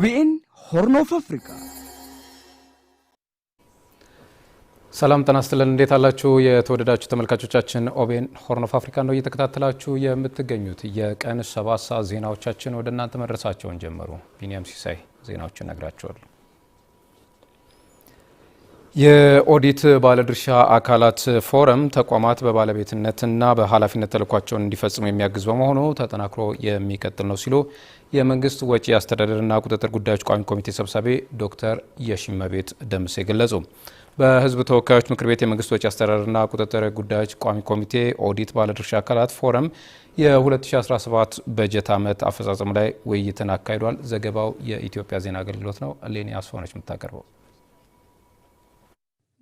ኦቢኤን ሆርን ኦፍ አፍሪካ። ሰላም ጤና ይስጥልን። እንዴት አላችሁ? የተወደዳችሁ ተመልካቾቻችን ኦቤን ሆርን ኦፍ አፍሪካ ነው እየተከታተላችሁ የምትገኙት። የቀን ሰባት ሰዓት ዜናዎቻችን ወደ እናንተ መድረሳቸውን ጀመሩ። ቢኒያም ሲሳይ ዜናዎችን ነግራችኋለሁ። የኦዲት ባለድርሻ አካላት ፎረም ተቋማት በባለቤትነትና በኃላፊነት ተልኳቸውን እንዲፈጽሙ የሚያግዝ በመሆኑ ተጠናክሮ የሚቀጥል ነው ሲሉ የመንግስት ወጪ አስተዳደርና ቁጥጥር ጉዳዮች ቋሚ ኮሚቴ ሰብሳቢ ዶክተር የሽመቤት ደምሴ ገለጹ። በህዝብ ተወካዮች ምክር ቤት የመንግስት ወጪ አስተዳደርና ቁጥጥር ጉዳዮች ቋሚ ኮሚቴ ኦዲት ባለድርሻ አካላት ፎረም የ2017 በጀት ዓመት አፈጻጸም ላይ ውይይትን አካሂዷል። ዘገባው የኢትዮጵያ ዜና አገልግሎት ነው። ሌኒ አስፋነች የምታቀርበው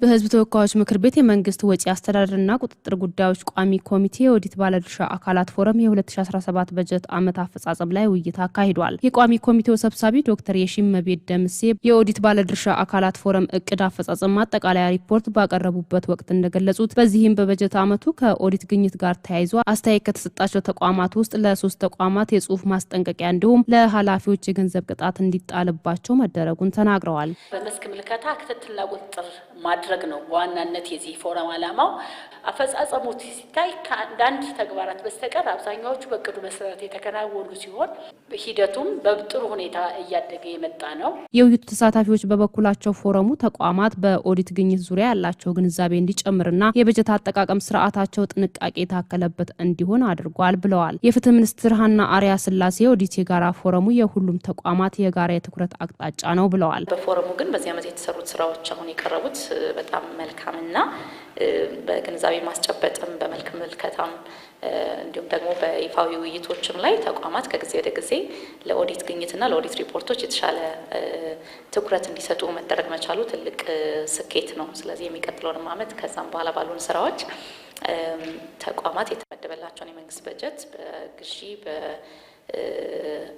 በህዝብ ተወካዮች ምክር ቤት የመንግስት ወጪ አስተዳደርና ቁጥጥር ጉዳዮች ቋሚ ኮሚቴ የኦዲት ባለድርሻ አካላት ፎረም የ2017 በጀት ዓመት አፈጻጸም ላይ ውይይት አካሂዷል። የቋሚ ኮሚቴው ሰብሳቢ ዶክተር የሺመቤት ደምሴ የኦዲት ባለድርሻ አካላት ፎረም እቅድ አፈጻጸም ማጠቃለያ ሪፖርት ባቀረቡበት ወቅት እንደገለጹት በዚህም በበጀት ዓመቱ ከኦዲት ግኝት ጋር ተያይዞ አስተያየት ከተሰጣቸው ተቋማት ውስጥ ለሶስት ተቋማት የጽሁፍ ማስጠንቀቂያ እንዲሁም ለኃላፊዎች የገንዘብ ቅጣት እንዲጣልባቸው መደረጉን ተናግረዋል። በመስክ ምልከታ ክትትልና ቁጥጥር ማድረግ ነው በዋናነት የዚህ ፎረም ዓላማው። አፈጻጸሙ ሲታይ ከአንዳንድ ተግባራት በስተቀር አብዛኛዎቹ በእቅዱ መሰረት የተከናወኑ ሲሆን ሂደቱም በጥሩ ሁኔታ እያደገ የመጣ ነው። የውይይቱ ተሳታፊዎች በበኩላቸው ፎረሙ ተቋማት በኦዲት ግኝት ዙሪያ ያላቸው ግንዛቤ እንዲጨምርና የበጀት አጠቃቀም ስርዓታቸው ጥንቃቄ የታከለበት እንዲሆን አድርጓል ብለዋል። የፍትህ ሚኒስትር ሀና አሪያ ስላሴ ኦዲት የጋራ ፎረሙ የሁሉም ተቋማት የጋራ የትኩረት አቅጣጫ ነው ብለዋል። በፎረሙ ግን በዚህ ዓመት የተሰሩት ስራዎች አሁን የቀረቡት በጣም መልካምና በግንዛቤ ማስጨበጥም በመልክ ምልከታም እንዲሁም ደግሞ በይፋዊ ውይይቶችም ላይ ተቋማት ከጊዜ ወደ ጊዜ ለኦዲት ግኝትና ለኦዲት ሪፖርቶች የተሻለ ትኩረት እንዲሰጡ መደረግ መቻሉ ትልቅ ስኬት ነው። ስለዚህ የሚቀጥለውንም ዓመት ከዛም በኋላ ባሉን ስራዎች ተቋማት የተመደበላቸውን የመንግስት በጀት በግዢ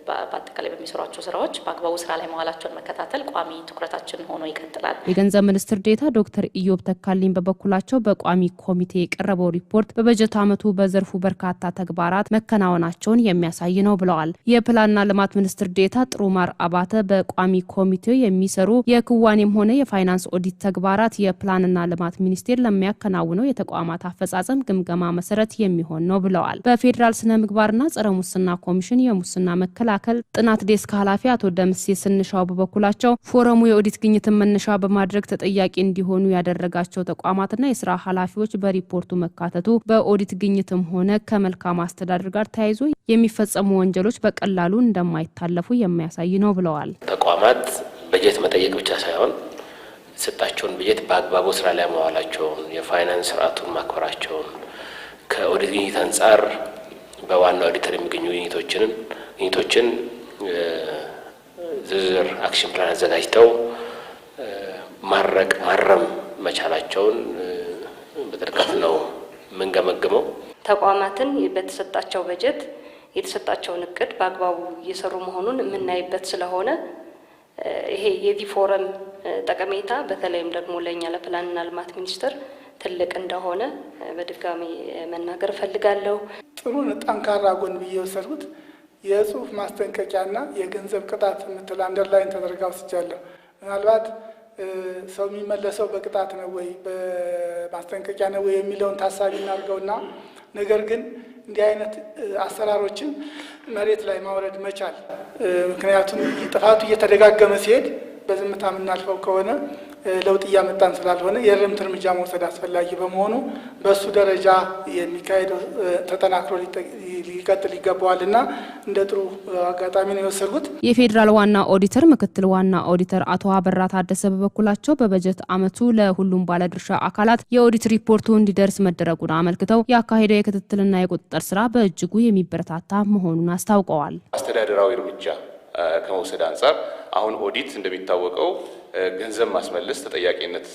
በአጠቃላይ በሚሰሯቸው ስራዎች በአግባቡ ስራ ላይ መዋላቸውን መከታተል ቋሚ ትኩረታችን ሆኖ ይቀጥላል። የገንዘብ ሚኒስትር ዴታ ዶክተር ኢዮብ ተካልኝ በበኩላቸው በቋሚ ኮሚቴ የቀረበው ሪፖርት በበጀት ዓመቱ በዘርፉ በርካታ ተግባራት መከናወናቸውን የሚያሳይ ነው ብለዋል። የፕላንና ልማት ሚኒስትር ዴታ ጥሩማር አባተ በቋሚ ኮሚቴው የሚሰሩ የክዋኔም ሆነ የፋይናንስ ኦዲት ተግባራት የፕላንና ልማት ሚኒስቴር ለሚያከናውነው የተቋማት አፈጻጸም ግምገማ መሰረት የሚሆን ነው ብለዋል። በፌዴራል ስነ ምግባርና ጸረ ሙስና ኮሚሽን ፎረምን የሙስና መከላከል ጥናት ዴስክ ኃላፊ አቶ ደምሴ ስንሻው በበኩላቸው ፎረሙ የኦዲት ግኝትን መነሻ በማድረግ ተጠያቂ እንዲሆኑ ያደረጋቸው ተቋማትና የስራ ኃላፊዎች በሪፖርቱ መካተቱ በኦዲት ግኝትም ሆነ ከመልካም አስተዳደር ጋር ተያይዞ የሚፈጸሙ ወንጀሎች በቀላሉ እንደማይታለፉ የሚያሳይ ነው ብለዋል። ተቋማት በጀት መጠየቅ ብቻ ሳይሆን የሰጣቸውን በጀት በአግባቡ ስራ ላይ መዋላቸውን፣ የፋይናንስ ስርዓቱን ማክበራቸውን ከኦዲት ግኝት አንጻር በዋናው ኦዲተር የሚገኙ ግኝቶችንን ግኝቶችን ዝርዝር አክሽን ፕላን አዘጋጅተው ማረቅ ማረም መቻላቸውን በጥልቀት ነው የምንገመግመው። ተቋማትን በተሰጣቸው በጀት የተሰጣቸውን እቅድ በአግባቡ እየሰሩ መሆኑን የምናይበት ስለሆነ ይሄ የዚህ ፎረም ጠቀሜታ በተለይም ደግሞ ለእኛ ለፕላንና ልማት ሚኒስቴር ትልቅ እንደሆነ በድጋሚ መናገር እፈልጋለሁ። ጥሩ ጠንካራ ጎን ብዬ ወሰድኩት የጽሁፍ ማስጠንቀቂያና የገንዘብ ቅጣት የምትል አንደርላይን ተደርጋ ወስጃለሁ። ምናልባት ሰው የሚመለሰው በቅጣት ነው ወይ በማስጠንቀቂያ ነው ወይ የሚለውን ታሳቢ እናድርገውና ነገር ግን እንዲህ አይነት አሰራሮችን መሬት ላይ ማውረድ መቻል፣ ምክንያቱም ጥፋቱ እየተደጋገመ ሲሄድ በዝምታ የምናልፈው ከሆነ ለውጥ እያመጣን ስላልሆነ የእርምት እርምጃ መውሰድ አስፈላጊ በመሆኑ በእሱ ደረጃ የሚካሄደው ተጠናክሮ ሊቀጥል ይገባዋል እና እንደ ጥሩ አጋጣሚ ነው የወሰድኩት። የፌዴራል ዋና ኦዲተር ምክትል ዋና ኦዲተር አቶ አበራ ታደሰ በበኩላቸው በበጀት ዓመቱ ለሁሉም ባለድርሻ አካላት የኦዲት ሪፖርቱ እንዲደርስ መደረጉን አመልክተው ያካሄደው የክትትልና የቁጥጥር ስራ በእጅጉ የሚበረታታ መሆኑን አስታውቀዋል። አስተዳደራዊ እርምጃ ከመውሰድ አንጻር አሁን ኦዲት እንደሚታወቀው ገንዘብ ማስመለስ ተጠያቂነት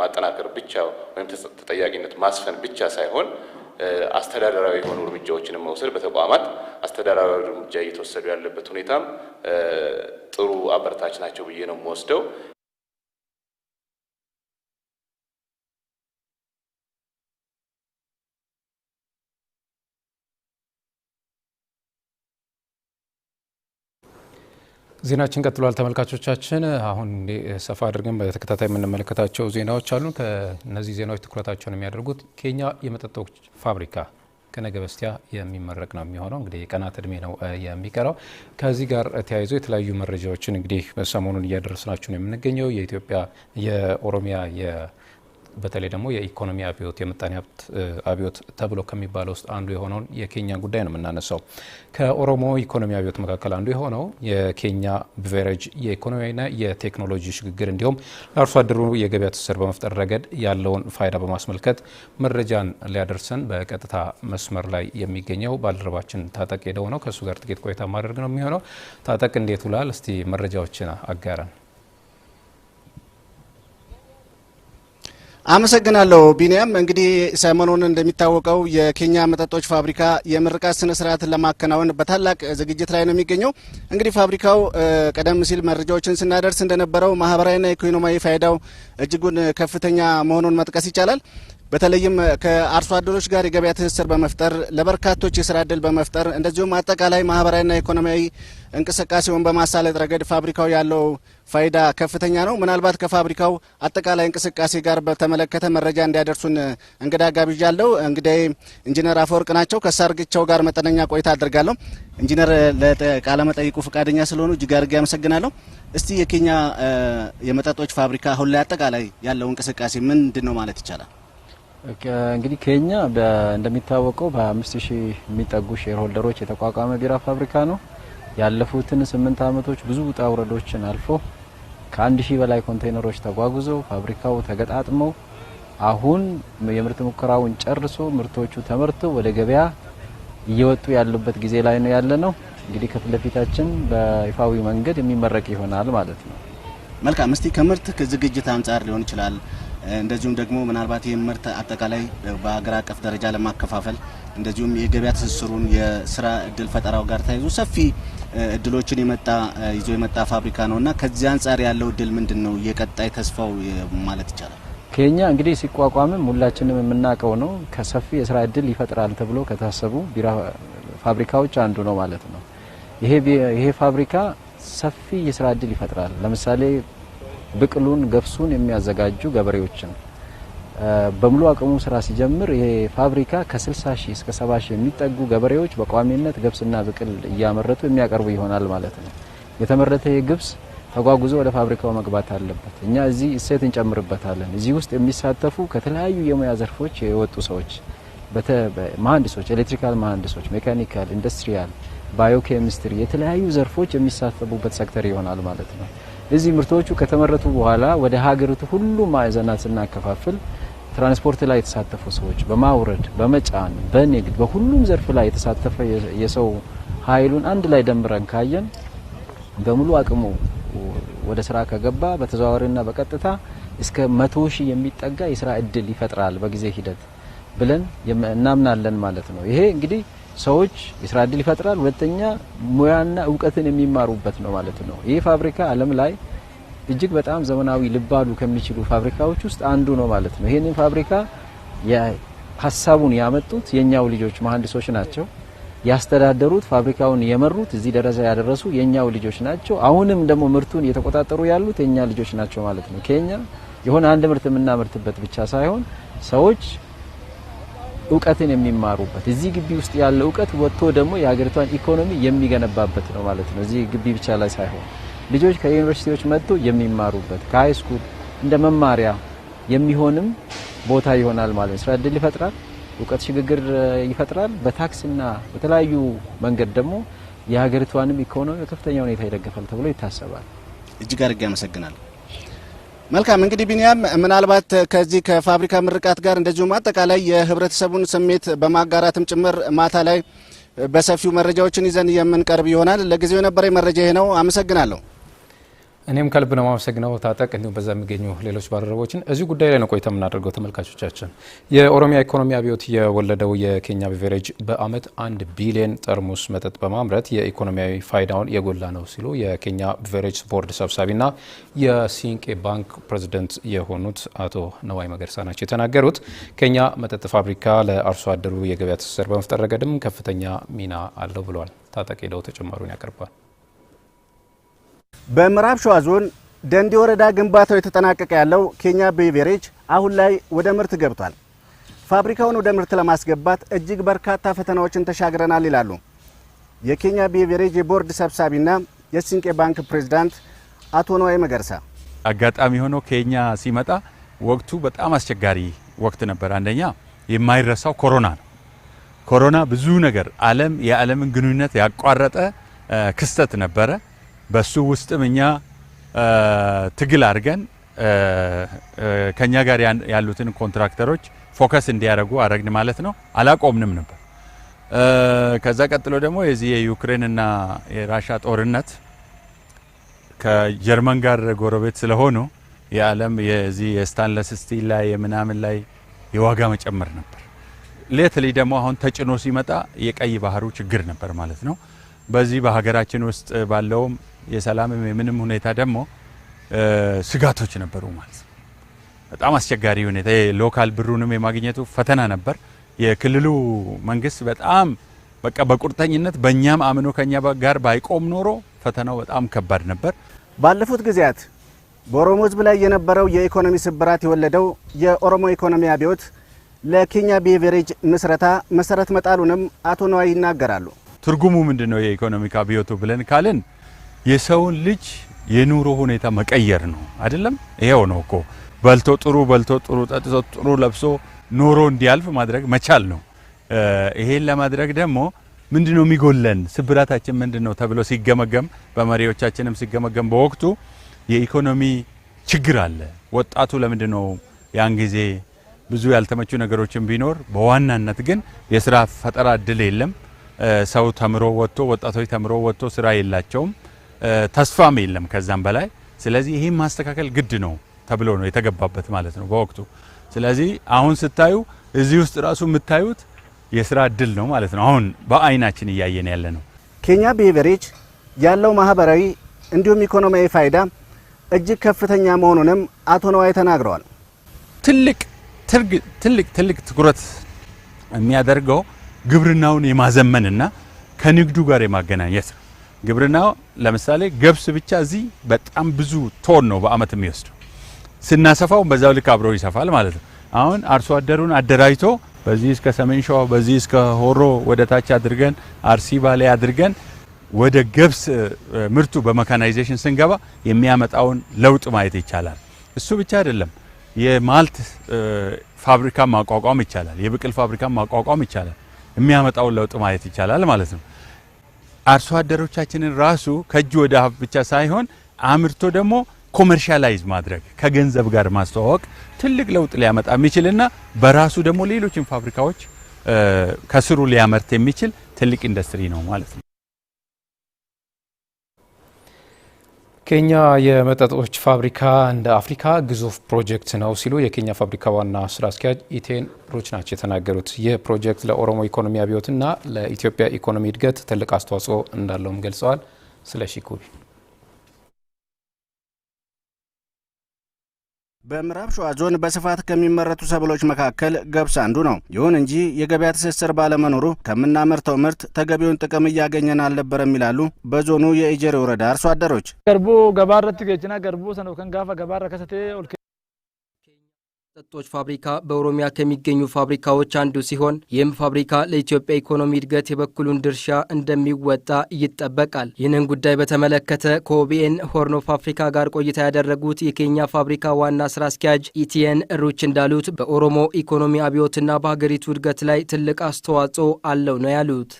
ማጠናከር ብቻ ወይም ተጠያቂነት ማስፈን ብቻ ሳይሆን አስተዳደራዊ የሆኑ እርምጃዎችን መውሰድ በተቋማት አስተዳደራዊ እርምጃ እየተወሰዱ ያለበት ሁኔታም ጥሩ አበረታች ናቸው ብዬ ነው የምወስደው። ዜናችን ቀጥሏል። ተመልካቾቻችን አሁን ሰፋ አድርገን በተከታታይ የምንመለከታቸው ዜናዎች አሉ። ከነዚህ ዜናዎች ትኩረታቸውን የሚያደርጉት ኬኛ የመጠጦች ፋብሪካ ከነገ በስቲያ የሚመረቅ ነው የሚሆነው። እንግዲህ የቀናት እድሜ ነው የሚቀረው። ከዚህ ጋር ተያይዞ የተለያዩ መረጃዎችን እንግዲህ ሰሞኑን እያደረስናችሁ ነው የምንገኘው የኢትዮጵያ የኦሮሚያ በተለይ ደግሞ የኢኮኖሚ አብዮት የምጣኔ ሀብት አብዮት ተብሎ ከሚባለው ውስጥ አንዱ የሆነውን የኬኛ ጉዳይ ነው የምናነሳው። ከኦሮሞ ኢኮኖሚ አብዮት መካከል አንዱ የሆነው የኬኛ ብቬሬጅ የኢኮኖሚና የቴክኖሎጂ ሽግግር እንዲሁም ለአርሶ አደሩ የገበያ ትስስር በመፍጠር ረገድ ያለውን ፋይዳ በማስመልከት መረጃን ሊያደርሰን በቀጥታ መስመር ላይ የሚገኘው ባልደረባችን ታጠቅ ሄደው ነው። ከእሱ ጋር ጥቂት ቆይታ ማድረግ ነው የሚሆነው። ታጠቅ እንዴት ውላል? እስቲ መረጃዎችን አጋራን። አመሰግናለሁ ቢንያም። እንግዲህ ሰሞኑን እንደሚታወቀው የኬኛ መጠጦች ፋብሪካ የምርቃት ስነ ስርዓትን ለማከናወን በታላቅ ዝግጅት ላይ ነው የሚገኘው። እንግዲህ ፋብሪካው ቀደም ሲል መረጃዎችን ስናደርስ እንደነበረው ማህበራዊና ኢኮኖሚያዊ ፋይዳው እጅጉን ከፍተኛ መሆኑን መጥቀስ ይቻላል። በተለይም ከአርሶ አደሮች ጋር የገበያ ትስስር በመፍጠር ለበርካቶች የስራ እድል በመፍጠር እንደዚሁም አጠቃላይ ማህበራዊና ኢኮኖሚያዊ እንቅስቃሴውን በማሳለጥ ረገድ ፋብሪካው ያለው ፋይዳ ከፍተኛ ነው። ምናልባት ከፋብሪካው አጠቃላይ እንቅስቃሴ ጋር በተመለከተ መረጃ እንዲያደርሱን እንግዳ ጋብዣለሁ። እንግዲህ ኢንጂነር አፈወርቅ ናቸው። ከሳርግቸው ጋር መጠነኛ ቆይታ አድርጋለሁ። ኢንጂነር ለቃለመጠይቁ ፈቃደኛ ስለሆኑ እጅግ አድርጌ አመሰግናለሁ። እስቲ የኬኛ የመጠጦች ፋብሪካ አሁን ላይ አጠቃላይ ያለው እንቅስቃሴ ምንድን ነው ማለት ይቻላል? እንግዲህ ኬኛ እንደሚታወቀው በአምስት ሺህ የሚጠጉ ሼር ሆልደሮች የተቋቋመ ቢራ ፋብሪካ ነው። ያለፉትን ስምንት ዓመቶች ብዙ ውጣ ውረዶችን አልፎ ከአንድ ሺህ በላይ ኮንቴይነሮች ተጓጉዞ ፋብሪካው ተገጣጥሞ አሁን የምርት ሙከራውን ጨርሶ ምርቶቹ ተመርቶ ወደ ገበያ እየወጡ ያሉበት ጊዜ ላይ ነው ያለ ነው። እንግዲህ ከፊት ለፊታችን በይፋዊ መንገድ የሚመረቅ ይሆናል ማለት ነው። መልካም። እስቲ ከምርት ዝግጅት አንጻር ሊሆን ይችላል እንደዚሁም ደግሞ ምናልባት ይህ ምርት አጠቃላይ በሀገር አቀፍ ደረጃ ለማከፋፈል እንደዚሁም የገበያ ትስስሩን የስራ እድል ፈጠራው ጋር ተያይዞ ሰፊ እድሎችን የመጣ ይዞ የመጣ ፋብሪካ ነው እና ከዚህ አንጻር ያለው እድል ምንድን ነው? የቀጣይ ተስፋው ማለት ይቻላል። ከኛ እንግዲህ ሲቋቋምም ሁላችንም የምናውቀው ነው ከሰፊ የስራ እድል ይፈጥራል ተብሎ ከታሰቡ ቢራ ፋብሪካዎች አንዱ ነው ማለት ነው። ይሄ ፋብሪካ ሰፊ የስራ እድል ይፈጥራል። ለምሳሌ ብቅሉን ገብሱን የሚያዘጋጁ ገበሬዎችን በሙሉ አቅሙ ስራ ሲጀምር ይሄ ፋብሪካ ከ60 ሺህ እስከ 70 ሺህ የሚጠጉ ገበሬዎች በቋሚነት ገብስና ብቅል እያመረቱ የሚያቀርቡ ይሆናል ማለት ነው። የተመረተ የግብስ ተጓጉዞ ወደ ፋብሪካው መግባት አለበት። እኛ እዚህ እሴት እንጨምርበታለን። እዚህ ውስጥ የሚሳተፉ ከተለያዩ የሙያ ዘርፎች የወጡ ሰዎች፣ መሀንዲሶች፣ ኤሌክትሪካል መሀንዲሶች፣ ሜካኒካል፣ ኢንዱስትሪያል፣ ባዮኬሚስትሪ የተለያዩ ዘርፎች የሚሳተፉበት ሴክተር ይሆናል ማለት ነው። እዚህ ምርቶቹ ከተመረቱ በኋላ ወደ ሀገሪቱ ሁሉ ማዕዘናት ስናከፋፍል ትራንስፖርት ላይ የተሳተፉ ሰዎች በማውረድ በመጫን በንግድ በሁሉም ዘርፍ ላይ የተሳተፈ የሰው ኃይሉን አንድ ላይ ደምረን ካየን በሙሉ አቅሙ ወደ ስራ ከገባ በተዘዋዋሪና በቀጥታ እስከ መቶ ሺህ የሚጠጋ የስራ እድል ይፈጥራል በጊዜ ሂደት ብለን እናምናለን ማለት ነው። ይሄ እንግዲህ ሰዎች የስራ እድል ይፈጥራል፣ ሁለተኛ ሙያና እውቀትን የሚማሩበት ነው ማለት ነው። ይሄ ፋብሪካ ዓለም ላይ እጅግ በጣም ዘመናዊ ልባሉ ከሚችሉ ፋብሪካዎች ውስጥ አንዱ ነው ማለት ነው። ይህንን ፋብሪካ ሀሳቡን ያመጡት የኛው ልጆች መሀንዲሶች ናቸው። ያስተዳደሩት ፋብሪካውን የመሩት እዚህ ደረጃ ያደረሱ የኛው ልጆች ናቸው። አሁንም ደግሞ ምርቱን እየተቆጣጠሩ ያሉት የኛ ልጆች ናቸው ማለት ነው። ከኛ የሆነ አንድ ምርት የምናመርትበት ብቻ ሳይሆን ሰዎች እውቀትን የሚማሩበት እዚህ ግቢ ውስጥ ያለ እውቀት ወጥቶ ደግሞ የሀገሪቷን ኢኮኖሚ የሚገነባበት ነው ማለት ነው። እዚህ ግቢ ብቻ ላይ ሳይሆን ልጆች ከዩኒቨርሲቲዎች መጥቶ የሚማሩበት ከሀይ ስኩል እንደ መማሪያ የሚሆንም ቦታ ይሆናል ማለት ስራ እድል ይፈጥራል፣ እውቀት ሽግግር ይፈጥራል። በታክስና በተለያዩ መንገድ ደግሞ የሀገሪቷንም ኢኮኖሚ በከፍተኛ ሁኔታ ይደግፋል ተብሎ ይታሰባል። እጅግ አድርጌ አመሰግናል። መልካም እንግዲህ ቢኒያም፣ ምናልባት ከዚህ ከፋብሪካ ምርቃት ጋር እንደዚሁም አጠቃላይ የህብረተሰቡን ስሜት በማጋራትም ጭምር ማታ ላይ በሰፊው መረጃዎችን ይዘን የምንቀርብ ይሆናል። ለጊዜው የነበረ መረጃ ይሄ ነው። አመሰግናለሁ። እኔም ከልብ ነው ማመሰግነው ታጠቅ፣ እንዲሁም በዛ የሚገኙ ሌሎች ባልደረቦችን። እዚሁ ጉዳይ ላይ ነው ቆይታ የምናደርገው ተመልካቾቻችን። የኦሮሚያ ኢኮኖሚ አብዮት የወለደው የኬኛ ቢቨሬጅ በአመት አንድ ቢሊየን ጠርሙስ መጠጥ በማምረት የኢኮኖሚያዊ ፋይዳውን የጎላ ነው ሲሉ የኬኛ ቢቨሬጅ ቦርድ ሰብሳቢና የሲንቄ ባንክ ፕሬዚደንት የሆኑት አቶ ነዋይ መገርሳ ናቸው የተናገሩት። ኬኛ መጠጥ ፋብሪካ ለአርሶ አደሩ የገበያ ትስስር በመፍጠር ረገድም ከፍተኛ ሚና አለው ብለዋል። ታጠቅ ሄደው ተጨማሪውን ያቀርባል። በምዕራብ ሸዋ ዞን ደንዲ ወረዳ ግንባታው የተጠናቀቀ ያለው ኬኛ ቤቬሬጅ አሁን ላይ ወደ ምርት ገብቷል። ፋብሪካውን ወደ ምርት ለማስገባት እጅግ በርካታ ፈተናዎችን ተሻግረናል ይላሉ የኬኛ ቤቬሬጅ የቦርድ ሰብሳቢና የሲንቄ ባንክ ፕሬዚዳንት አቶ ነዋይ መገርሳ። አጋጣሚ ሆኖ ኬኛ ሲመጣ ወቅቱ በጣም አስቸጋሪ ወቅት ነበር። አንደኛ የማይረሳው ኮሮና ነው። ኮሮና ብዙ ነገር ዓለም የዓለምን ግንኙነት ያቋረጠ ክስተት ነበረ። በሱ ውስጥም እኛ ትግል አድርገን ከኛ ጋር ያሉትን ኮንትራክተሮች ፎከስ እንዲያደርጉ አረግን ማለት ነው። አላቆምንም ነበር። ከዛ ቀጥሎ ደግሞ የዚህ የዩክሬንና የራሻ ጦርነት ከጀርመን ጋር ጎረቤት ስለሆኑ የዓለም የዚህ የስታንለስ ስቲል ላይ የምናምን ላይ የዋጋ መጨመር ነበር። ሌትሊ ደግሞ አሁን ተጭኖ ሲመጣ የቀይ ባህሩ ችግር ነበር ማለት ነው። በዚህ በሀገራችን ውስጥ ባለውም የሰላምም የምንም ሁኔታ ደግሞ ስጋቶች ነበሩ ማለት ነው። በጣም አስቸጋሪ ሁኔታ የሎካል ብሩንም የማግኘቱ ፈተና ነበር። የክልሉ መንግስት በጣም በቃ በቁርጠኝነት በእኛም አምኖ ከኛ ጋር ባይቆም ኖሮ ፈተናው በጣም ከባድ ነበር። ባለፉት ጊዜያት በኦሮሞ ህዝብ ላይ የነበረው የኢኮኖሚ ስብራት የወለደው የኦሮሞ ኢኮኖሚ አብዮት ለኬኛ ቢቨሬጅ ምስረታ መሰረት መጣሉንም አቶ ነዋይ ይናገራሉ። ትርጉሙ ምንድን ነው የኢኮኖሚክ አብዮቱ ብለን ካልን የሰውን ልጅ የኑሮ ሁኔታ መቀየር ነው አይደለም? ይሄው ነው እኮ በልቶ ጥሩ በልቶ ጥሩ ጠጥቶ ጥሩ ለብሶ ኖሮ እንዲያልፍ ማድረግ መቻል ነው። ይሄን ለማድረግ ደግሞ ምንድን ነው የሚጎለን፣ ስብራታችን ምንድን ነው ተብሎ ሲገመገም፣ በመሪዎቻችንም ሲገመገም በወቅቱ የኢኮኖሚ ችግር አለ። ወጣቱ ለምንድን ነው ያን ጊዜ ብዙ ያልተመቹ ነገሮችን ቢኖር በዋናነት ግን የስራ ፈጠራ እድል የለም። ሰው ተምሮ ወጥቶ ወጣቶች ተምሮ ወጥቶ ስራ የላቸውም። ተስፋም የለም ከዛም በላይ ስለዚህ ይህም ማስተካከል ግድ ነው ተብሎ ነው የተገባበት ማለት ነው በወቅቱ ስለዚህ አሁን ስታዩ እዚህ ውስጥ ራሱ የምታዩት የስራ እድል ነው ማለት ነው አሁን በአይናችን እያየን ያለ ነው ኬንያ ቢሄቨሬጅ ያለው ማህበራዊ እንዲሁም ኢኮኖሚያዊ ፋይዳ እጅግ ከፍተኛ መሆኑንም አቶ ነዋይ ተናግረዋል ትልቅ ትልቅ ትልቅ ትኩረት የሚያደርገው ግብርናውን የማዘመንና ከንግዱ ጋር የማገናኘት ነው ግብርናው ለምሳሌ ገብስ ብቻ እዚህ በጣም ብዙ ቶን ነው በአመት የሚወስደው። ስናሰፋው በዛው ልክ አብሮ ይሰፋል ማለት ነው። አሁን አርሶ አደሩን አደራጅቶ በዚህ እስከ ሰሜን ሸዋ በዚህ እስከ ሆሮ ወደ ታች አድርገን አርሲ ባሌ አድርገን ወደ ገብስ ምርቱ በመካናይዜሽን ስንገባ የሚያመጣውን ለውጥ ማየት ይቻላል። እሱ ብቻ አይደለም፣ የማልት ፋብሪካ ማቋቋም ይቻላል። የብቅል ፋብሪካ ማቋቋም ይቻላል። የሚያመጣውን ለውጥ ማየት ይቻላል ማለት ነው። አርሶ አደሮቻችንን ራሱ ከእጅ ወደ አፍ ብቻ ሳይሆን አምርቶ ደግሞ ኮመርሻላይዝ ማድረግ ከገንዘብ ጋር ማስተዋወቅ ትልቅ ለውጥ ሊያመጣ የሚችልና በራሱ ደግሞ ሌሎችን ፋብሪካዎች ከስሩ ሊያመርት የሚችል ትልቅ ኢንዱስትሪ ነው ማለት ነው። ኬንያ የመጠጦች ፋብሪካ እንደ አፍሪካ ግዙፍ ፕሮጀክት ነው ሲሉ የኬንያ ፋብሪካ ዋና ስራ አስኪያጅ ኢቴን ሮች ናቸው የተናገሩት። ይህ ፕሮጀክት ለኦሮሞ ኢኮኖሚ አብዮትና ለኢትዮጵያ ኢኮኖሚ እድገት ትልቅ አስተዋጽኦ እንዳለውም ገልጸዋል። ስለ ሺኩቢ በምዕራብ ሸዋ ዞን በስፋት ከሚመረቱ ሰብሎች መካከል ገብስ አንዱ ነው። ይሁን እንጂ የገበያ ትስስር ባለመኖሩ ከምናመርተው ምርት ተገቢውን ጥቅም እያገኘን አልነበረም ይላሉ በዞኑ የኢጀሬ ወረዳ አርሶ አደሮች ገርቡ ገባረት ገችና ገርቡ ሰነከን ጋፋ ገባረ ከሰቴ መጠጦች ፋብሪካ በኦሮሚያ ከሚገኙ ፋብሪካዎች አንዱ ሲሆን ይህም ፋብሪካ ለኢትዮጵያ ኢኮኖሚ እድገት የበኩሉን ድርሻ እንደሚወጣ ይጠበቃል። ይህንን ጉዳይ በተመለከተ ከኦቢኤን ሆርን ኦፍ አፍሪካ ጋር ቆይታ ያደረጉት የኬኛ ፋብሪካ ዋና ስራ አስኪያጅ ኢቲኤን ሩች እንዳሉት በኦሮሞ ኢኮኖሚ አብዮትና በሀገሪቱ እድገት ላይ ትልቅ አስተዋጽኦ አለው ነው ያሉት።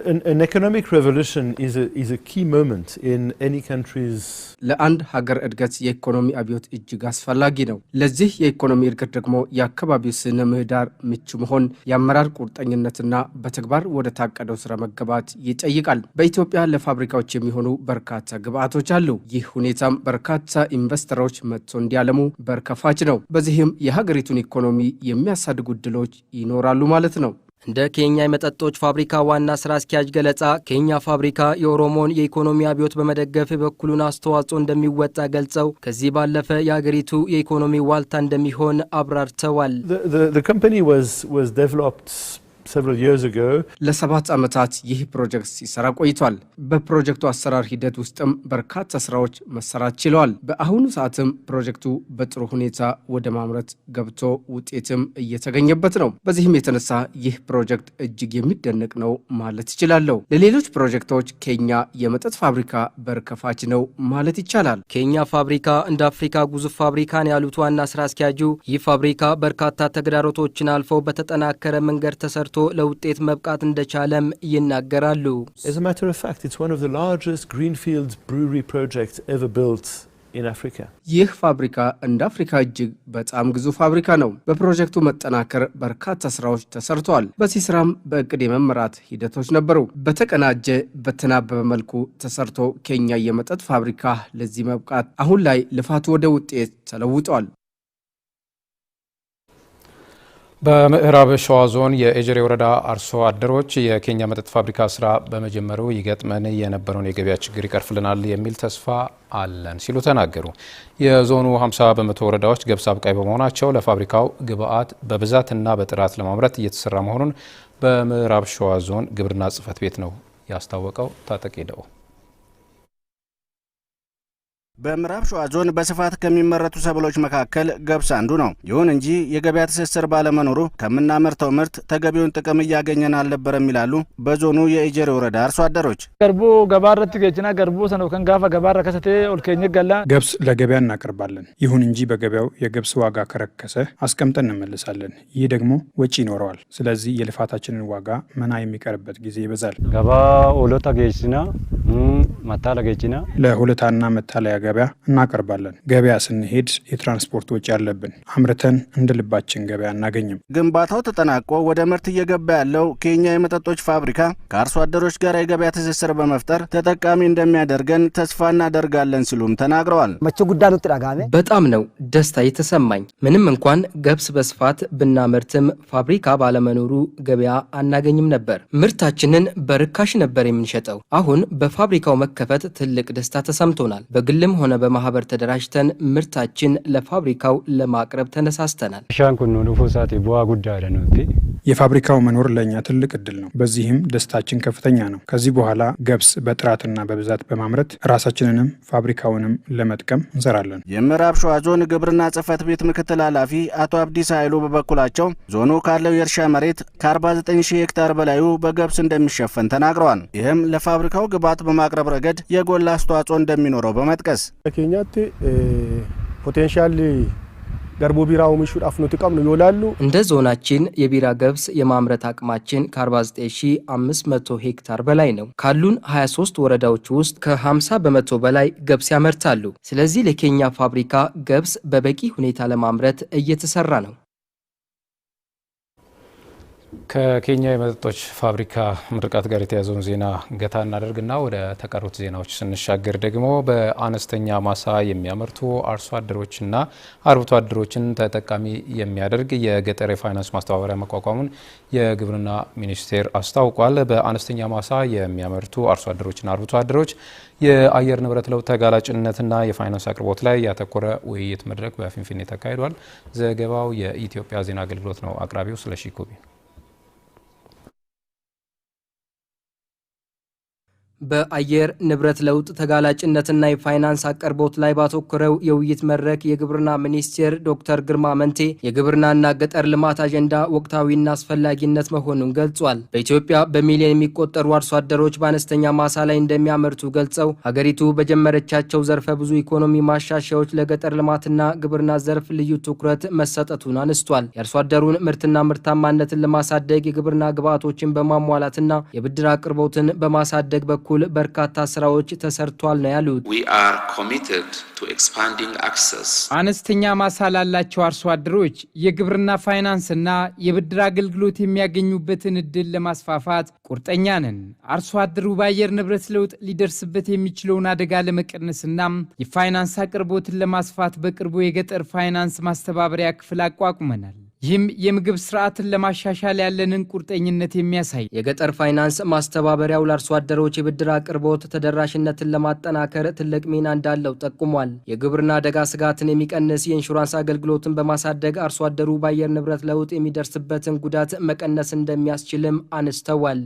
ለአንድ ሀገር እድገት የኢኮኖሚ አብዮት እጅግ አስፈላጊ ነው። ለዚህ የኢኮኖሚ እድገት ደግሞ የአካባቢው ስነ ምህዳር ምቹ መሆን የአመራር ቁርጠኝነትና በተግባር ወደ ታቀደው ስራ መገባት ይጠይቃል። በኢትዮጵያ ለፋብሪካዎች የሚሆኑ በርካታ ግብአቶች አሉ። ይህ ሁኔታም በርካታ ኢንቨስተሮች መጥቶ እንዲያለሙ በር ከፋች ነው። በዚህም የሀገሪቱን ኢኮኖሚ የሚያሳድጉ እድሎች ይኖራሉ ማለት ነው። እንደ ኬንያ የመጠጦች ፋብሪካ ዋና ስራ አስኪያጅ ገለጻ ኬንያ ፋብሪካ የኦሮሞን የኢኮኖሚ አብዮት በመደገፍ የበኩሉን አስተዋጽኦ እንደሚወጣ ገልጸው ከዚህ ባለፈ የአገሪቱ የኢኮኖሚ ዋልታ እንደሚሆን አብራርተዋል። ለሰባት ዓመታት ይህ ፕሮጀክት ሲሰራ ቆይቷል። በፕሮጀክቱ አሰራር ሂደት ውስጥም በርካታ ስራዎች መሰራት ችለዋል። በአሁኑ ሰዓትም ፕሮጀክቱ በጥሩ ሁኔታ ወደ ማምረት ገብቶ ውጤትም እየተገኘበት ነው። በዚህም የተነሳ ይህ ፕሮጀክት እጅግ የሚደነቅ ነው ማለት ይችላለሁ። ለሌሎች ፕሮጀክቶች ኬኛ የመጠጥ ፋብሪካ በር ከፋች ነው ማለት ይቻላል። ኬኛ ፋብሪካ እንደ አፍሪካ ግዙፍ ፋብሪካን ያሉት ዋና ስራ አስኪያጁ ይህ ፋብሪካ በርካታ ተግዳሮቶችን አልፈው በተጠናከረ መንገድ ተሰርቶ ተሰርቶ ለውጤት መብቃት እንደቻለም ይናገራሉ። ይህ ፋብሪካ እንደ አፍሪካ እጅግ በጣም ግዙፍ ፋብሪካ ነው። በፕሮጀክቱ መጠናከር በርካታ ስራዎች ተሰርተዋል። በዚህ ስራም በእቅድ የመመራት ሂደቶች ነበሩ። በተቀናጀ በተናበበ መልኩ ተሰርቶ ኬኛ የመጠጥ ፋብሪካ ለዚህ መብቃት አሁን ላይ ልፋቱ ወደ ውጤት ተለውጧል። በምዕራብ ሸዋ ዞን የኤጀሬ ወረዳ አርሶ አደሮች የኬንያ መጠጥ ፋብሪካ ስራ በመጀመሩ ይገጥመን የነበረውን የገበያ ችግር ይቀርፍልናል የሚል ተስፋ አለን ሲሉ ተናገሩ። የዞኑ 50 በመቶ ወረዳዎች ገብስ አብቃይ በመሆናቸው ለፋብሪካው ግብዓት በብዛትና በጥራት ለማምረት እየተሰራ መሆኑን በምዕራብ ሸዋ ዞን ግብርና ጽሕፈት ቤት ነው ያስታወቀው። ታጠቅ ደው በምዕራብ ሸዋ ዞን በስፋት ከሚመረቱ ሰብሎች መካከል ገብስ አንዱ ነው። ይሁን እንጂ የገበያ ትስስር ባለመኖሩ ከምናመርተው ምርት ተገቢውን ጥቅም እያገኘን አልነበረም ይላሉ በዞኑ የኢጀሪ ወረዳ አርሶ አደሮች። ገርቡ ገባረት ገችና ገርቡ ሰነከን ጋፋ ገባረ ከሰቴ ኦልኬኝ ገላ ገብስ ለገበያ እናቀርባለን። ይሁን እንጂ በገበያው የገብስ ዋጋ ከረከሰ አስቀምጠን እንመልሳለን። ይህ ደግሞ ወጪ ይኖረዋል። ስለዚህ የልፋታችንን ዋጋ መና የሚቀርበት ጊዜ ይበዛል። ገባ ኦሎታ ገችና መታለ ገችና ለሁለታና መታለያ ገበያ እናቀርባለን። ገበያ ስንሄድ የትራንስፖርት ወጪ ያለብን፣ አምርተን እንደ ልባችን ገበያ አናገኝም። ግንባታው ተጠናቆ ወደ ምርት እየገባ ያለው ኬኛ የመጠጦች ፋብሪካ ከአርሶ አደሮች ጋር የገበያ ትስስር በመፍጠር ተጠቃሚ እንደሚያደርገን ተስፋ እናደርጋለን ሲሉም ተናግረዋል። በጣም ነው ደስታ የተሰማኝ። ምንም እንኳን ገብስ በስፋት ብናመርትም ፋብሪካ ባለመኖሩ ገበያ አናገኝም ነበር። ምርታችንን በርካሽ ነበር የምንሸጠው። አሁን በፋብሪካው መከፈት ትልቅ ደስታ ተሰምቶናል። በግልም በግልም ሆነ በማህበር ተደራጅተን ምርታችን ለፋብሪካው ለማቅረብ ተነሳስተናል። የፋብሪካው መኖር ለእኛ ትልቅ እድል ነው። በዚህም ደስታችን ከፍተኛ ነው። ከዚህ በኋላ ገብስ በጥራትና በብዛት በማምረት ራሳችንንም ፋብሪካውንም ለመጥቀም እንሰራለን። የምዕራብ ሸዋ ዞን ግብርና ጽህፈት ቤት ምክትል ኃላፊ አቶ አብዲስ ኃይሉ በበኩላቸው ዞኑ ካለው የእርሻ መሬት ከ49 ሺህ ሄክታር በላዩ በገብስ እንደሚሸፈን ተናግረዋል። ይህም ለፋብሪካው ግብዓት በማቅረብ ረገድ የጎላ አስተዋጽኦ እንደሚኖረው በመጥቀስ Kunis. ገርቦ ቢራ ይውላሉ። እንደ ዞናችን የቢራ ገብስ የማምረት አቅማችን ከ49500 ሄክታር በላይ ነው። ካሉን 23 ወረዳዎች ውስጥ ከ50 በመቶ በላይ ገብስ ያመርታሉ። ስለዚህ ለኬኛ ፋብሪካ ገብስ በበቂ ሁኔታ ለማምረት እየተሰራ ነው። ከኬንያ የመጠጦች ፋብሪካ ምርቃት ጋር የተያዘውን ዜና ገታ እናደርግና ወደ ተቀሩት ዜናዎች ስንሻገር ደግሞ በአነስተኛ ማሳ የሚያመርቱ አርሶ አደሮችና አርብቶ አደሮችን ተጠቃሚ የሚያደርግ የገጠር የፋይናንስ ማስተባበሪያ መቋቋሙን የግብርና ሚኒስቴር አስታውቋል። በአነስተኛ ማሳ የሚያመርቱ አርሶ አደሮችና አርብቶ አደሮች የአየር ንብረት ለውጥ ተጋላጭነትና የፋይናንስ አቅርቦት ላይ ያተኮረ ውይይት መድረክ በፊንፊኔ ተካሂዷል። ዘገባው የኢትዮጵያ ዜና አገልግሎት ነው። አቅራቢው ስለሺ ኩቢ በአየር ንብረት ለውጥ ተጋላጭነትና የፋይናንስ አቅርቦት ላይ ባተኮረው የውይይት መድረክ የግብርና ሚኒስቴር ዶክተር ግርማ መንቴ የግብርናና ገጠር ልማት አጀንዳ ወቅታዊና አስፈላጊነት መሆኑን ገልጿል። በኢትዮጵያ በሚሊዮን የሚቆጠሩ አርሶ አደሮች በአነስተኛ ማሳ ላይ እንደሚያመርቱ ገልጸው ሀገሪቱ በጀመረቻቸው ዘርፈ ብዙ ኢኮኖሚ ማሻሻዎች ለገጠር ልማትና ግብርና ዘርፍ ልዩ ትኩረት መሰጠቱን አነስቷል። የአርሶ አደሩን ምርትና ምርታማነትን ለማሳደግ የግብርና ግብዓቶችን በማሟላትና የብድር አቅርቦትን በማሳደግ በኩል በኩል በርካታ ስራዎች ተሰርቷል ነው ያሉት። አነስተኛ ማሳ ላላቸው አርሶ አደሮች የግብርና ፋይናንስና የብድር አገልግሎት የሚያገኙበትን እድል ለማስፋፋት ቁርጠኛ ነን። አርሶ አደሩ በአየር ንብረት ለውጥ ሊደርስበት የሚችለውን አደጋ ለመቀነስና የፋይናንስ አቅርቦትን ለማስፋት በቅርቡ የገጠር ፋይናንስ ማስተባበሪያ ክፍል አቋቁመናል። ይህም የምግብ ስርዓትን ለማሻሻል ያለንን ቁርጠኝነት የሚያሳይ የገጠር ፋይናንስ ማስተባበሪያው ለአርሶ አደሮች የብድር አቅርቦት ተደራሽነትን ለማጠናከር ትልቅ ሚና እንዳለው ጠቁሟል። የግብርና አደጋ ስጋትን የሚቀንስ የኢንሹራንስ አገልግሎትን በማሳደግ አርሶ አደሩ በአየር ንብረት ለውጥ የሚደርስበትን ጉዳት መቀነስ እንደሚያስችልም አነስተዋል።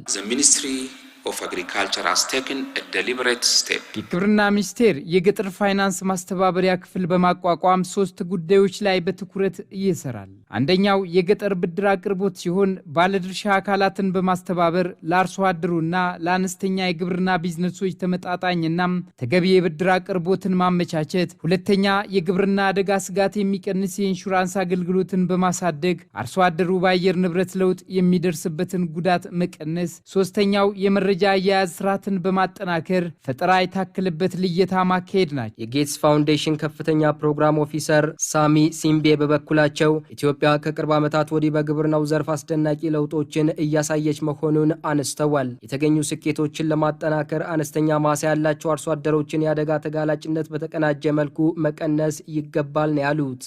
የግብርና ሚኒስቴር የገጠር ፋይናንስ ማስተባበሪያ ክፍል በማቋቋም ሶስት ጉዳዮች ላይ በትኩረት ይሰራል። አንደኛው የገጠር ብድር አቅርቦት ሲሆን ባለድርሻ አካላትን በማስተባበር ለአርሶ አደሩና ለአነስተኛ የግብርና ቢዝነሶች ተመጣጣኝና ተገቢ የብድር አቅርቦትን ማመቻቸት፣ ሁለተኛ የግብርና አደጋ ስጋት የሚቀንስ የኢንሹራንስ አገልግሎትን በማሳደግ አርሶ አደሩ በአየር ንብረት ለውጥ የሚደርስበትን ጉዳት መቀነስ፣ ሶስተኛው የመረጃ አያያዝ ስርዓትን በማጠናከር ፈጠራ የታከለበት ልየታ ማካሄድ ናቸው። የጌትስ ፋውንዴሽን ከፍተኛ ፕሮግራም ኦፊሰር ሳሚ ሲምቤ በበኩላቸው ኢትዮጵያ ከቅርብ ዓመታት ወዲህ በግብርናው ዘርፍ አስደናቂ ለውጦችን እያሳየች መሆኑን አነስተዋል። የተገኙ ስኬቶችን ለማጠናከር አነስተኛ ማሳ ያላቸው አርሶ አደሮችን የአደጋ ተጋላጭነት በተቀናጀ መልኩ መቀነስ ይገባል ነው ያሉት።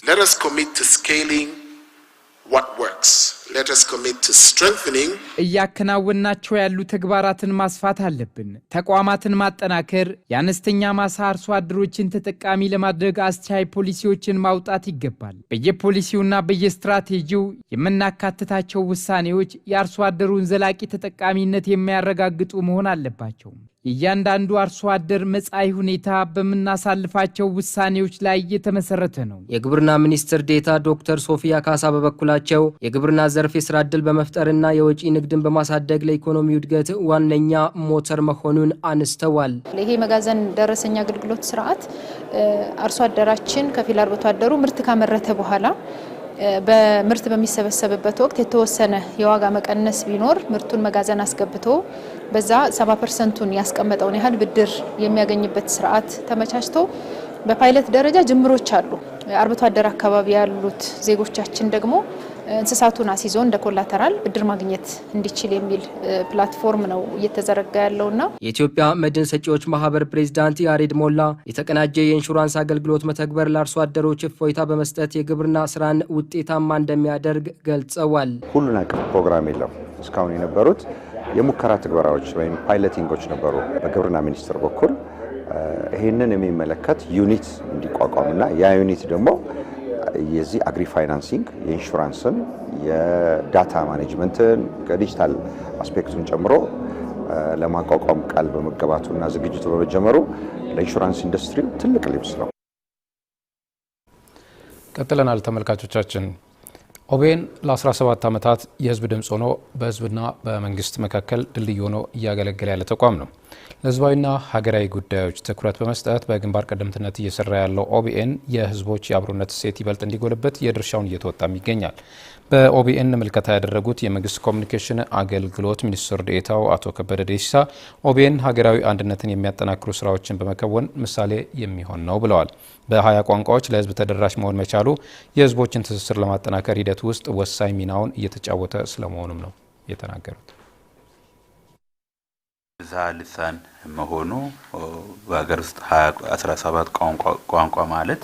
እያከናወናቸው ያሉ ተግባራትን ማስፋት አለብን። ተቋማትን ማጠናከር፣ የአነስተኛ ማሳ አርሶ አደሮችን ተጠቃሚ ለማድረግ አስቻይ ፖሊሲዎችን ማውጣት ይገባል። በየፖሊሲውና በየስትራቴጂው የምናካትታቸው ውሳኔዎች የአርሶ አደሩን ዘላቂ ተጠቃሚነት የሚያረጋግጡ መሆን አለባቸው። እያንዳንዱ አርሶ አደር መጻኢ ሁኔታ በምናሳልፋቸው ውሳኔዎች ላይ እየተመሰረተ ነው። የግብርና ሚኒስትር ዴታ ዶክተር ሶፊያ ካሳ በበኩላቸው የግብርና ዘርፍ የስራ እድል በመፍጠርና የወጪ ንግድን በማሳደግ ለኢኮኖሚ እድገት ዋነኛ ሞተር መሆኑን አንስተዋል። ይሄ መጋዘን ደረሰኛ አገልግሎት ስርዓት አርሶ አደራችን ከፊል አርብቶ አደሩ ምርት ካመረተ በኋላ በምርት በሚሰበሰብበት ወቅት የተወሰነ የዋጋ መቀነስ ቢኖር ምርቱን መጋዘን አስገብቶ በዛ 70 ፐርሰንቱን ያስቀመጠውን ያህል ብድር የሚያገኝበት ስርዓት ተመቻችቶ በፓይለት ደረጃ ጅምሮች አሉ። አርብቶ አደር አካባቢ ያሉት ዜጎቻችን ደግሞ እንስሳቱን አስይዞ እንደ ኮላተራል ብድር ማግኘት እንዲችል የሚል ፕላትፎርም ነው እየተዘረጋ ያለውና የኢትዮጵያ መድን ሰጪዎች ማህበር ፕሬዚዳንት ያሬድ ሞላ የተቀናጀ የኢንሹራንስ አገልግሎት መተግበር ለአርሶ አደሮች እፎይታ በመስጠት የግብርና ስራን ውጤታማ እንደሚያደርግ ገልጸዋል። ሁሉን አቀፍ ፕሮግራም የለም። እስካሁን የነበሩት የሙከራ ትግበራዎች ወይም ፓይለቲንጎች ነበሩ በግብርና ሚኒስቴር በኩል ይህንን የሚመለከት ዩኒት እንዲቋቋምና ያ ዩኒት ደግሞ የዚህ አግሪ ፋይናንሲንግ የኢንሹራንስን፣ የዳታ ማኔጅመንትን ከዲጂታል አስፔክቱን ጨምሮ ለማቋቋም ቃል በመገባቱና ዝግጅቱ በመጀመሩ ለኢንሹራንስ ኢንዱስትሪ ትልቅ ልብስ ነው። ቀጥለናል ተመልካቾቻችን። ኦቤን ለ17 ዓመታት የህዝብ ድምፅ ሆኖ በህዝብና በመንግስት መካከል ድልድይ ሆኖ እያገለገለ ያለ ተቋም ነው። ህዝባዊና ሀገራዊ ጉዳዮች ትኩረት በመስጠት በግንባር ቀደምትነት እየሰራ ያለው ኦቢኤን የህዝቦች የአብሮነት እሴት ይበልጥ እንዲጎልበት የድርሻውን እየተወጣም ይገኛል። በኦቢኤን ምልከታ ያደረጉት የመንግስት ኮሚኒኬሽን አገልግሎት ሚኒስትር ዴኤታው አቶ ከበደ ደሲሳ ኦቢኤን ሀገራዊ አንድነትን የሚያጠናክሩ ስራዎችን በመከወን ምሳሌ የሚሆን ነው ብለዋል። በሀያ ቋንቋዎች ለህዝብ ተደራሽ መሆን መቻሉ የህዝቦችን ትስስር ለማጠናከር ሂደት ውስጥ ወሳኝ ሚናውን እየተጫወተ ስለመሆኑም ነው የተናገሩት። የፍስሐ ልሳን መሆኑ በሀገር ውስጥ 17 ቋንቋ ማለት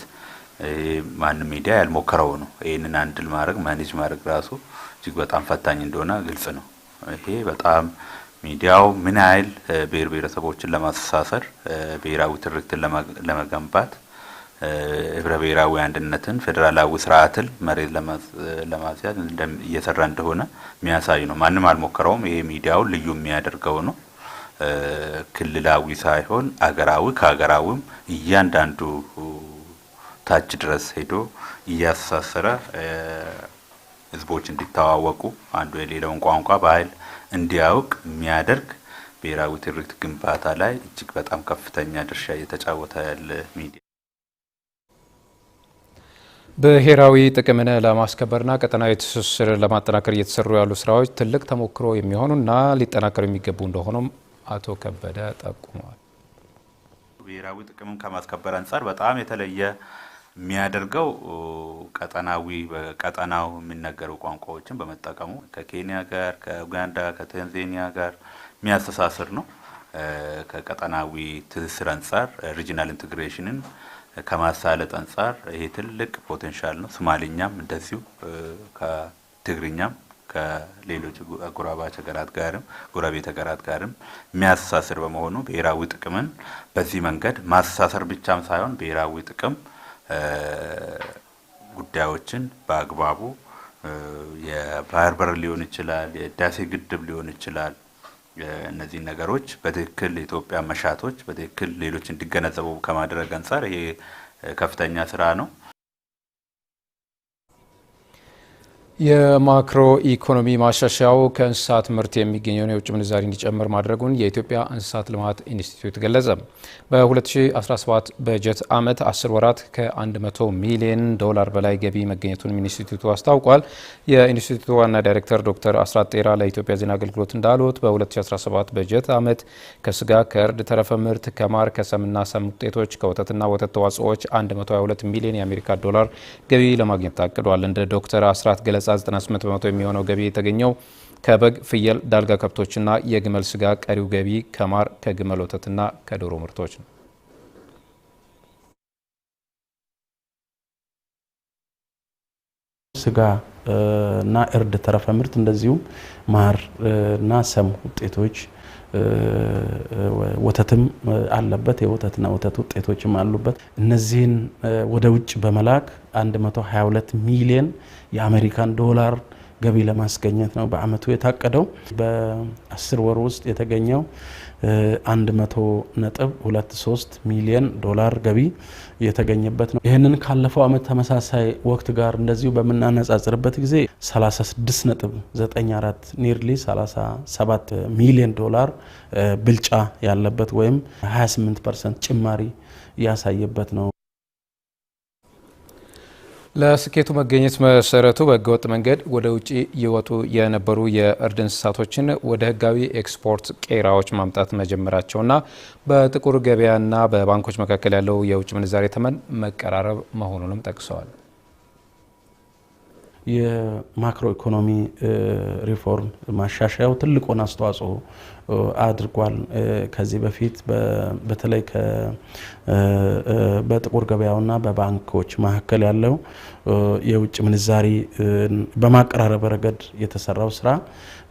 ማንም ሚዲያ ያልሞከረው ነው። ይህንን አንድል ማድረግ ማኔጅ ማድረግ ራሱ እጅግ በጣም ፈታኝ እንደሆነ ግልጽ ነው። ይሄ በጣም ሚዲያው ምን ያህል ብሔር ብሔረሰቦችን ለማስተሳሰር ብሔራዊ ትርክትን ለመገንባት ህብረ ብሔራዊ አንድነትን ፌዴራላዊ ስርዓትን መሬት ለማስያዝ እየሰራ እንደሆነ የሚያሳይ ነው። ማንም አልሞከረውም። ይሄ ሚዲያውን ልዩ የሚያደርገው ነው። ክልላዊ ሳይሆን አገራዊ ከሀገራዊም እያንዳንዱ ታች ድረስ ሄዶ እያሳሰረ ህዝቦች እንዲተዋወቁ አንዱ የሌለውን ቋንቋ ባህል እንዲያውቅ የሚያደርግ ብሔራዊ ትርክት ግንባታ ላይ እጅግ በጣም ከፍተኛ ድርሻ እየተጫወተ ያለ ሚዲያ ብሔራዊ ጥቅምን ለማስከበርና ቀጠናዊ ትስስር ለማጠናከር እየተሰሩ ያሉ ስራዎች ትልቅ ተሞክሮ የሚሆኑና ሊጠናከሩ የሚገቡ እንደሆኑም አቶ ከበደ ጠቁመዋል። ብሔራዊ ጥቅምን ከማስከበር አንጻር በጣም የተለየ የሚያደርገው ቀጠናዊ በቀጠናው የሚነገሩ ቋንቋዎችን በመጠቀሙ ከኬንያ ጋር፣ ከኡጋንዳ፣ ከታንዛኒያ ጋር የሚያስተሳስር ነው። ከቀጠናዊ ትስስር አንጻር ሪጂናል ኢንቴግሬሽንን ከማሳለጥ አንጻር ይሄ ትልቅ ፖቴንሻል ነው። ሶማሌኛም እንደዚሁ ከትግርኛም ከሌሎች አጎራባች ሀገራት ጋርም ጎረቤት ሀገራት ጋርም የሚያስተሳስር በመሆኑ ብሔራዊ ጥቅምን በዚህ መንገድ ማስተሳሰር ብቻም ሳይሆን ብሔራዊ ጥቅም ጉዳዮችን በአግባቡ የባህር በር ሊሆን ይችላል፣ የህዳሴ ግድብ ሊሆን ይችላል። እነዚህ ነገሮች በትክክል የኢትዮጵያ መሻቶች በትክክል ሌሎች እንዲገነዘቡ ከማድረግ አንጻር ይሄ ከፍተኛ ስራ ነው። የማክሮ ኢኮኖሚ ማሻሻያው ከእንስሳት ምርት የሚገኘውን የውጭ ምንዛሪ እንዲጨምር ማድረጉን የኢትዮጵያ እንስሳት ልማት ኢንስቲትዩት ገለጸ። በ2017 በጀት ዓመት 10 ወራት ከ100 ሚሊዮን ዶላር በላይ ገቢ መገኘቱን ኢንስቲትዩቱ አስታውቋል። የኢንስቲትዩቱ ዋና ዳይሬክተር ዶክተር አስራት ጤራ ለኢትዮጵያ ዜና አገልግሎት እንዳሉት በ2017 በጀት ዓመት ከስጋ፣ ከእርድ ተረፈ ምርት፣ ከማር፣ ከሰምና ሰም ውጤቶች፣ ከወተትና ወተት ተዋጽኦዎች 122 ሚሊዮን የአሜሪካ ዶላር ገቢ ለማግኘት ታቅዷል። እንደ ዶክተር አስራት ገለጻ ገለጻ 98 በመቶ የሚሆነው ገቢ የተገኘው ከበግ፣ ፍየል፣ ዳልጋ ከብቶችና የግመል ስጋ፣ ቀሪው ገቢ ከማር፣ ከግመል ወተትና ከዶሮ ምርቶች ነው። ስጋ እና እርድ ተረፈ ምርት እንደዚሁም ማር እና ሰም ውጤቶች ወተትም አለበት። የወተትና ወተት ውጤቶችም አሉበት። እነዚህን ወደ ውጭ በመላክ 122 ሚሊዮን የአሜሪካን ዶላር ገቢ ለማስገኘት ነው በአመቱ የታቀደው። በአስር ወር ውስጥ የተገኘው 100.23 ሚሊዮን ዶላር ገቢ የተገኘበት ነው። ይህንን ካለፈው ዓመት ተመሳሳይ ወቅት ጋር እንደዚሁ በምናነጻጽርበት ጊዜ 36.94 ኒርሊ 37 ሚሊዮን ዶላር ብልጫ ያለበት ወይም 28 ፐርሰንት ጭማሪ ያሳየበት ነው። ለስኬቱ መገኘት መሰረቱ በህገወጥ መንገድ ወደ ውጭ ይወጡ የነበሩ የእርድ እንስሳቶችን ወደ ህጋዊ ኤክስፖርት ቄራዎች ማምጣት መጀመራቸውና በጥቁር ገበያና በባንኮች መካከል ያለው የውጭ ምንዛሬ ተመን መቀራረብ መሆኑንም ጠቅሰዋል። የማክሮ ኢኮኖሚ ሪፎርም ማሻሻያው ትልቁን አስተዋጽኦ አድርጓል። ከዚህ በፊት በተለይ በጥቁር ገበያውና በባንኮች መካከል ያለው የውጭ ምንዛሪ በማቀራረብ ረገድ የተሰራው ስራ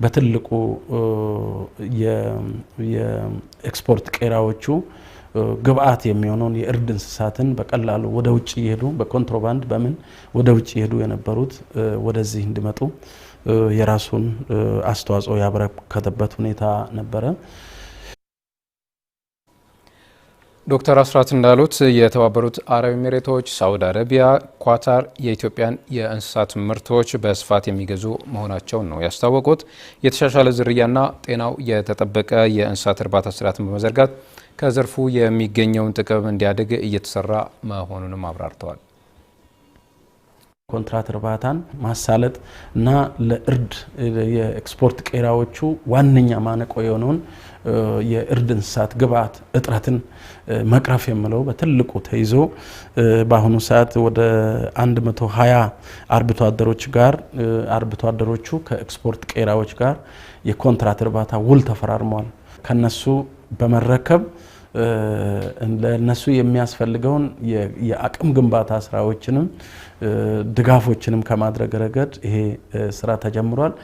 በትልቁ የኤክስፖርት ቄራዎቹ ግብአት የሚሆነውን የእርድ እንስሳትን በቀላሉ ወደ ውጭ እየሄዱ በኮንትሮባንድ በምን ወደ ውጭ እየሄዱ የነበሩት ወደዚህ እንዲመጡ የራሱን አስተዋጽኦ ያበረከተበት ሁኔታ ነበረ። ዶክተር አስራት እንዳሉት የተባበሩት አረብ ኤሚሬቶች፣ ሳውዲ አረቢያ፣ ኳታር የኢትዮጵያን የእንስሳት ምርቶች በስፋት የሚገዙ መሆናቸውን ነው ያስታወቁት። የተሻሻለ ዝርያና ጤናው የተጠበቀ የእንስሳት እርባታ ስርዓትን በመዘርጋት ከዘርፉ የሚገኘውን ጥቅም እንዲያድግ እየተሰራ መሆኑንም አብራርተዋል። ኮንትራት እርባታን ማሳለጥ እና ለእርድ የኤክስፖርት ቄራዎቹ ዋነኛ ማነቆ የሆነውን የእርድ እንስሳት ግብአት እጥረትን መቅረፍ የምለው በትልቁ ተይዞ በአሁኑ ሰዓት ወደ 120 አርብቶ አደሮች ጋር አርብቶ አደሮቹ ከኤክስፖርት ቄራዎች ጋር የኮንትራት እርባታ ውል ተፈራርመዋል። ከነሱ በመረከብ ለእነሱ የሚያስፈልገውን የአቅም ግንባታ ስራዎችንም ድጋፎችንም ከማድረግ ረገድ ይሄ ስራ ተጀምሯል።